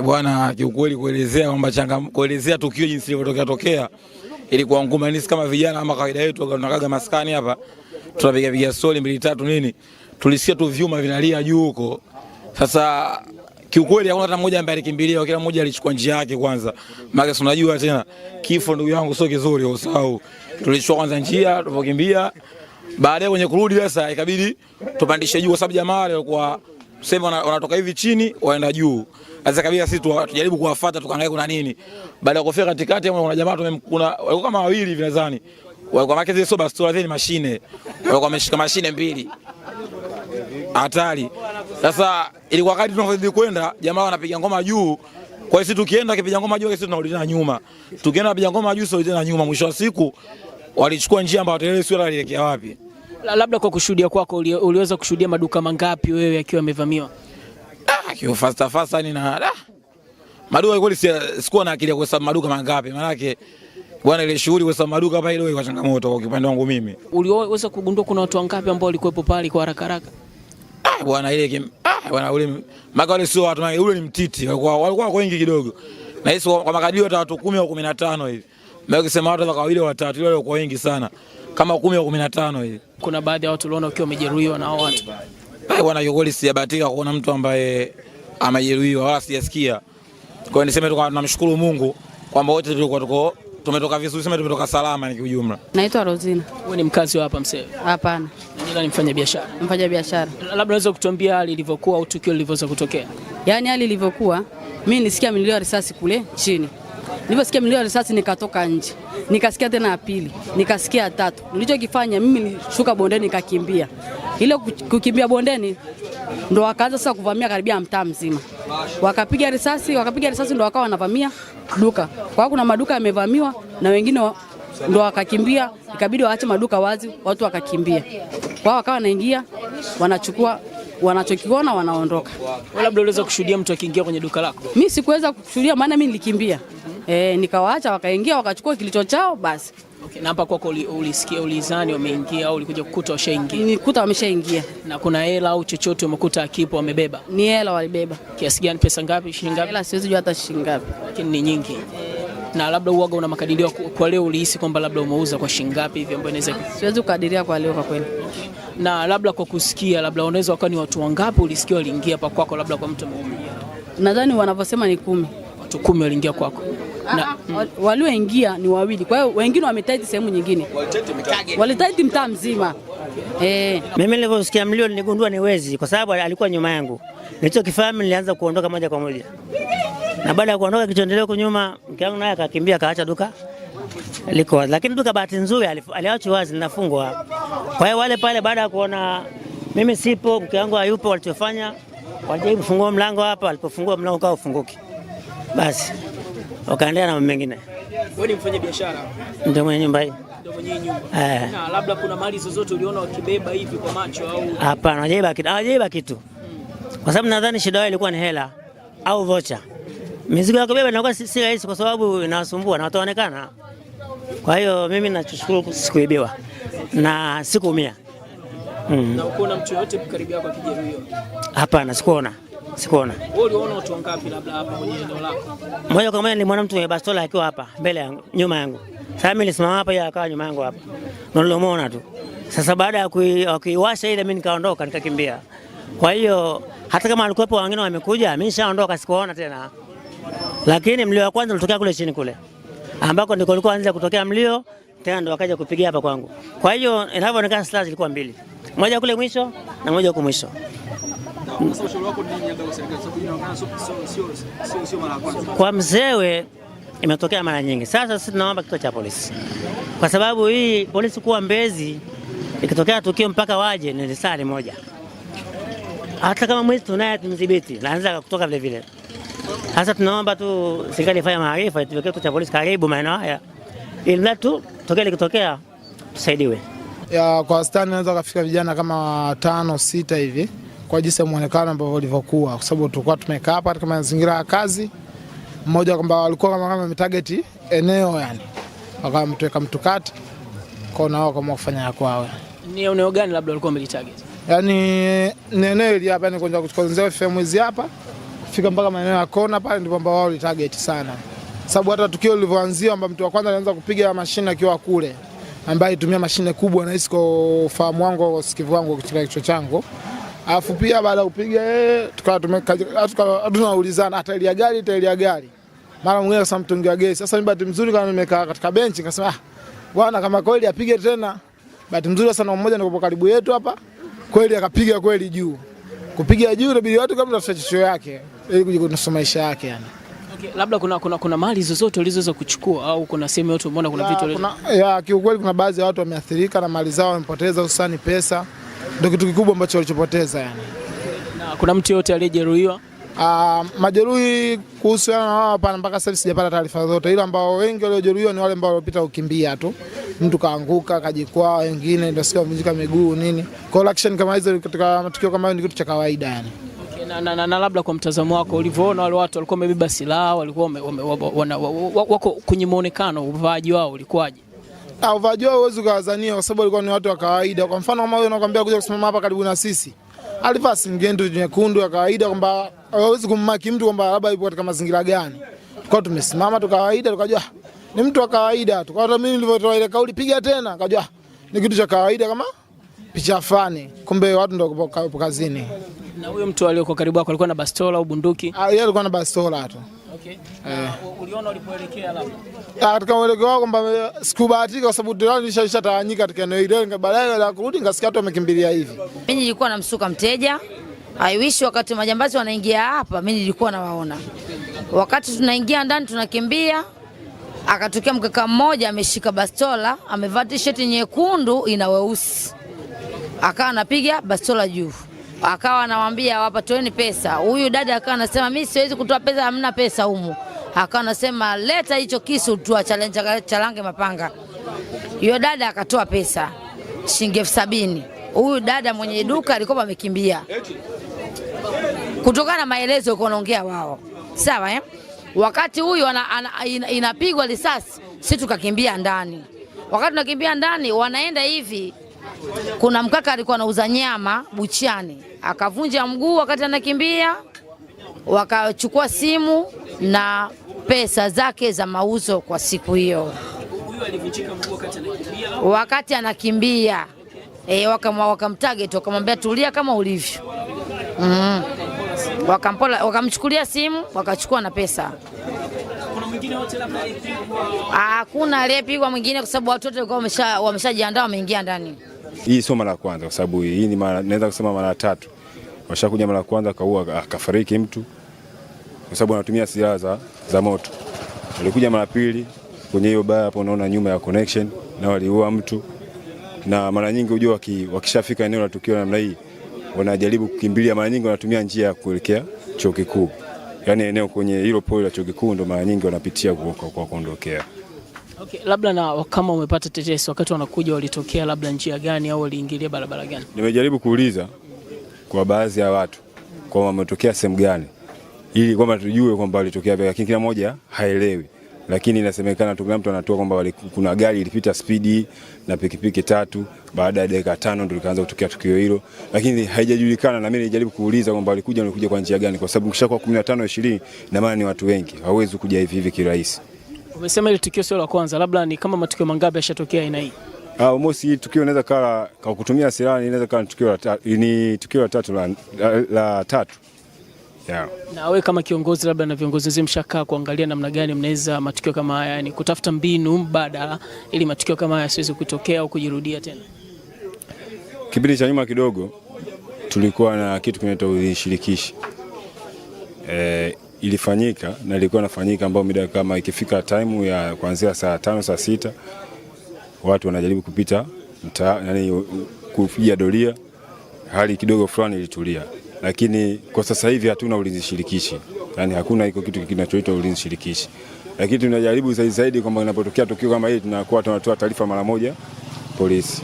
bwana, kiukweli kuelezea kwamba changa kuelezea tukio jinsi lilivyotokea tokea ilikuwa ngumu. Yani kama vijana kama kawaida yetu tunakaga maskani hapa, tunapiga piga stori mbili tatu nini, tulisikia tu vyuma vinalia juu huko. Sasa kiukweli hakuna hata mmoja ambaye alikimbilia, kila mmoja alichukua njia yake kwanza, maana unajua tena kifo, ndugu yangu, sio kizuri, usahau. Tulichukua kwanza njia tulipokimbia, baadaye kwenye kurudi sasa ikabidi tupandishe juu, kwa sababu jamaa walikuwa sema wanatoka hivi chini waenda juu. Sasa kabisa sisi tujaribu kuwafuata tukaangalia kuna nini. Baada ya kufika katikati kuna jamaa tumemkuna walikuwa kama wawili hivi nadhani. Walikuwa make zile soba store zile mashine. Walikuwa wameshika mashine mbili. Hatari. Sasa ilikuwa wakati tunazidi kwenda jamaa wanapiga ngoma juu. Kwa hiyo sisi tukienda kipiga ngoma juu sisi tunarudi tena nyuma. Tukienda kipiga ngoma juu sisi tunarudi tena nyuma mwisho wa siku walichukua njia ambayo tayari sio ile walielekea wapi. Labda kwa kushuhudia kwako, uliweza kushuhudia maduka mangapi wewe akiwa amevamiwa? Ah, kio fasta fasta ni na ah. Maduka kweli sikuwa na akili ya kuhesabu maduka mangapi, maana bwana, ile shughuli kuhesabu maduka pale ile kwa changamoto kwa upande wangu mimi. Uliweza kugundua kuna watu wangapi ambao walikuwepo pale kwa haraka haraka? Ah, bwana ile ah, bwana ule maka wale sio watu, ule ni mtiti, walikuwa wengi kidogo. Na hizo kwa makadirio watu 10 au 15 hivi. Mbona ukisema watu wawili watatu, wale walikuwa wengi sana kama kumi au kumi na tano hivi. Kuna baadhi ya watu uliona ukiwa umejeruhiwa na hao watu? Bwana Kiukweli, sijabahatika kuona mtu ambaye amejeruhiwa wala sijasikia. Kwa hiyo niseme tu tunamshukuru Mungu kwamba wote tulikuwa tuko tumetoka vizuri, sema tumetoka salama ni kiujumla. Naitwa Rozina. Wewe ni mkazi wa hapa Msewe? Hapana. Ni mfanya biashara. Mfanya biashara. Labda unaweza kutuambia hali ilivyokuwa au tukio lilivyoweza kutokea? Yaani hali ilivyokuwa, mimi nisikia milio ya risasi kule chini. Nilivyosikia mlio wa risasi nikatoka nje, nikasikia tena ya pili, nikasikia ya tatu. Nilichokifanya mimi nilishuka bondeni nikakimbia. Ile kukimbia bondeni ndo wakaanza sasa kuvamia karibia mtaa mzima, wakapiga risasi, wakapiga risasi ndo wakawa wanavamia duka kwa kuna maduka yamevamiwa na wengine wa, ndo wakakimbia, ikabidi waache maduka wazi, watu wakakimbia kwao, wakawa wanaingia wanachukua wanachokiona wanaondoka. Labda uliweza kushuhudia mtu akiingia kwenye duka lako? Mimi sikuweza kushuhudia, maana mimi nilikimbia. E, nikawaacha wakaingia wakachukua kilicho chao basi. Okay, na hapa kwako ulisikia ulizani wameingia au ulikuja kukuta washaingia? Nikuta wameshaingia. Na kuna hela au chochote umekuta akipo wamebeba? Ni hela walibeba. Kiasi gani? Pesa ngapi? Shilingi ngapi? Hela siwezi jua hata shilingi ngapi. Lakini ni nyingi. Na labda uoga una makadirio kwa leo ulihisi kwamba labda umeuza kwa shilingi ngapi hivi ambayo inaweza? Siwezi kukadiria kwa leo kwa kweli. Na labda kwa kusikia labda unaweza wakawa ni watu wangapi ulisikia waliingia hapa kwako labda kwa mtu mmoja? Nadhani wanavyosema ni kumi. Watu kumi waliingia kwako walioingia ni wawili, kwa hiyo wengine wametaiti sehemu nyingine, walitaiti mtaa mzima. Eh, mimi nilivyosikia mlio niligundua ni wezi, kwa sababu alikuwa nyuma yangu. Nilichokifahamu, nilianza kuondoka moja kwa moja, na baada ya kuondoka kichoendelea huko nyuma, mke wangu naye akakimbia, akaacha duka liko, lakini duka bahati nzuri aliacha wazi, linafungwa. Kwa hiyo wale pale, baada ya kuona mimi sipo, mke wangu hayupo, walichofanya walijaribu kufungua mlango hapa, walipofungua mlango kaa ufunguki basi wakaendelea na mengine. Wewe ni mfanya biashara, ndio mwenye nyumba hii, ndio mwenye nyumba eh. Na labda kuna mali zozote uliona wakibeba hivi kwa macho au? Hapana, hajaiba kitu, Hajaiba kitu hmm. kwa sababu nadhani shida yao ilikuwa ni hela au vocha. Mizigo ya kubeba inakuwa si rahisi, kwa sababu inasumbua na wataonekana. Kwa hiyo mimi nachoshukuru sikuibiwa na sikuumia. Mm. Na ukiona mtu yote karibu yako hiyo? Hapana, sikuona sikuona. Wewe uliona watu wangapi labda hapa kwenye eneo lako? Moja kwa moja ni mwanamtu mwenye bastola akiwa hapa mbele yangu, nyuma yangu. Sasa mimi nilisimama hapa, yeye akawa nyuma yangu hapa. Ndio nilomwona tu. Sasa baada ya kuiwasha ile mimi nikaondoka nikakimbia. Kwa hiyo hata kama alikuwepo wengine wamekuja, mimi nishaondoka sikuona tena. Lakini mlio wa kwanza ulitokea kule chini kule ambako ndiko nilikuwa anza kutokea mlio tena ndo wakaja kupigia hapa kwangu. Kwa hiyo inavyoonekana silaha zilikuwa mbili, moja kule mwisho na moja huko mwisho kwa mzewe imetokea mara nyingi. Sasa sisi tunaomba kituo cha polisi, kwa sababu hii polisi kuwa Mbezi, ikitokea tukio mpaka waje ni risali moja. Hata kama mwizi tunaye tumdhibiti, naanza kutoka vile vile. Sasa tunaomba tu serikali ifanye maarifa, ituwekee kituo cha polisi karibu maeneo haya, ili tu tokea likitokea tusaidiwe. Ya, kwa wastani naweza kafika vijana kama tano sita hivi kwa jinsi ya muonekano ambavyo ulivyokuwa, kwa sababu tulikuwa tumekaa hapa katika mazingira ya kazi. Mmoja kwamba walikuwa kama kama target eneo yani, wakawa mtuweka mtu kati kwa na wao kama kufanya ya kwao. Ni eneo gani labda walikuwa wamelitarget? Yani ni eneo hili hapa, ni kwanza kuanzia FM hizi hapa fika mpaka maeneo ya kona pale, ndipo ambao wao litarget sana, sababu hata tukio lilivyoanzia kwamba mtu wa kwanza alianza kupiga mashine akiwa kule ambaye tumia mashine kubwa, na hisi kwa ufahamu wangu au sikivu wangu katika kichwa changu Alafu pia baada ya kupiga eh, tukawa ah, tunaulizana hata ile gari hata ile gari. Mara mwingine kasa mtungi wa gesi. Sasa mimi bahati mzuri kama nimekaa katika benchi nikasema ah, bwana kama kweli apige tena. Bahati mzuri sana mmoja ndio karibu yetu hapa. Kweli akapiga kweli juu. Kupiga juu inabidi watu kama tutachocho yake ili kuja maisha yake yani. Okay, labda kuna, kuna, kuna mali zozote ulizoweza kuchukua au kuna sehemu yote umeona kuna vitu? Ya, kiukweli kuna baadhi ya watu wameathirika na mali zao wamepoteza, hususani pesa ndio kitu kikubwa ambacho walichopoteza yani. Na kuna mtu yote aliyejeruhiwa? Uh, majeruhi kuhusu na wao hapana, mpaka sasa sijapata taarifa zote, ila ambao wengi waliojeruhiwa ni wale ambao walipita kukimbia tu, mtu kaanguka kajikwaa, wengine ndio sikia wamevunjika miguu nini. Kwa action kama hizo katika matukio kama hayo ni kitu cha kawaida yani. na, na, na, na labda kwa mtazamo wako ulivyoona wale watu walikuwa wamebeba silaha, walikuwa wako kwenye muonekano, uvaaji wao ulikuwaje? Ah, uvaji wao huwezi kuwadhania kwa sababu walikuwa ni watu wa kawaida. Kwa mfano kama wewe unakwambia kuja kusimama hapa karibu na sisi. Alivaa singendo nyekundu ya kawaida kwamba hawezi kummaki mtu kwamba labda yupo katika mazingira gani. Kwa tumesimama tu kawaida tukajua ah, ni mtu wa kawaida tu. Kwa hata mimi nilivyotoa ile kauli piga tena kajua ah, ni kitu cha kawaida kama picha fani, kumbe watu ndio wapo kazini. Na huyo mtu aliyokuwa karibu yako alikuwa na bastola au bunduki? Ah, yeye alikuwa na bastola tu. Eh. Ah, katika mwelekeo wao kwamba eh, sikubahatika kwa sababu tayari nilishaisha tawanyika katika eneo hilo, baadaye la kurudi nikasikia watu wamekimbilia hivi. Mimi nilikuwa namsuka mteja I wish wakati majambazi wanaingia hapa, mimi nilikuwa nawaona wakati tunaingia ndani tunakimbia akatokea mkaka mmoja ameshika bastola, amevaa tisheti nyekundu ina weusi, akawa anapiga bastola juu akawa anawambia hapa, toeni pesa. Huyu dada akawa anasema mimi siwezi kutoa pesa, hamna pesa humu. Akawa anasema leta hicho kisu tu chalange mapanga. Hiyo dada akatoa pesa shilingi elfu sabini. Huyu dada mwenye duka alikuwa amekimbia kutokana na maelezo yuko anaongea wao, sawa eh? Wakati huyu inapigwa risasi, si tukakimbia ndani. Wakati tunakimbia ndani, wanaenda hivi kuna mkaka alikuwa anauza nyama buchani, akavunja mguu wakati anakimbia, wakachukua simu na pesa zake za mauzo kwa siku hiyo, wakati anakimbia e, wakamtageti wakamwambia, tulia kama ulivyo mm. Wakampola, wakamchukulia simu, wakachukua na pesa. Hakuna aliyepigwa mwingine, kwa sababu watoto walikuwa wameshajiandaa, wameingia ndani. Hii sio mara ya kwanza, kwa sababu hii ni naweza kusema mara tatu. Washakuja mara ya kwanza kaua akafariki mtu kwa sababu anatumia silaha za, za moto. Walikuja mara pili kwenye hiyo baa hapo, unaona nyuma ya connection, na waliua mtu. Na mara nyingi waki, wakishafika eneo la tukio namna hii wanajaribu kukimbilia, mara nyingi wanatumia njia ya kuelekea chuo kikuu, yaani eneo kwenye hilo poli la chuo kikuu ndo mara nyingi wanapitia kwa kuondokea. Okay, labda na kama umepata tetesi wakati wanakuja walitokea labda njia gani au waliingilia barabara gani? Nimejaribu kuuliza kwa baadhi ya watu kwamba wametokea sehemu gani ili kwamba tujue kwamba walitokea, vipi, lakini kila mmoja haelewi, lakini inasemekana tu mtu anatoa kwamba kuna gari ilipita spidi na pikipiki tatu. Baada ya dakika tano ndio likaanza kutokea tukio hilo, lakini haijajulikana. Na mimi nilijaribu kuuliza kwamba walikuja walikuja kwa njia gani, kwa sababu kishakuwa 15 20 na maana ni watu wengi, hawezi kuja hivi hivi kirahisi. Umesema ile tukio sio la kwanza, labda ni kama matukio mangapi yashatokea aina hii? Ah, mosi hii tukio inaweza kaa kwa kutumia silaha inaweza kaa tukio la ni tukio la tatu la, la, la tatu. Yeah. Na wewe kama kiongozi labda na viongozi wenzio mshakaa kuangalia namna gani mnaweza matukio kama haya yani kutafuta mbinu mbadala ili matukio kama haya yasiweze kutokea au kujirudia tena. Kipindi cha nyuma kidogo tulikuwa na kitu kinaitwa ushirikishi. Eh, ilifanyika na ilikuwa nafanyika, ambao mida kama ikifika time ya kuanzia saa tano saa sita watu wanajaribu kupita mta, yani kupiga doria, hali kidogo fulani ilitulia, lakini kwa sasa hivi hatuna ulinzi shirikishi, yani hakuna iko kitu kinachoitwa ulinzi shirikishi, lakini tunajaribu zaidi zaidi kwamba inapotokea tukio kama hili tunakuwa tunatoa taarifa mara moja polisi.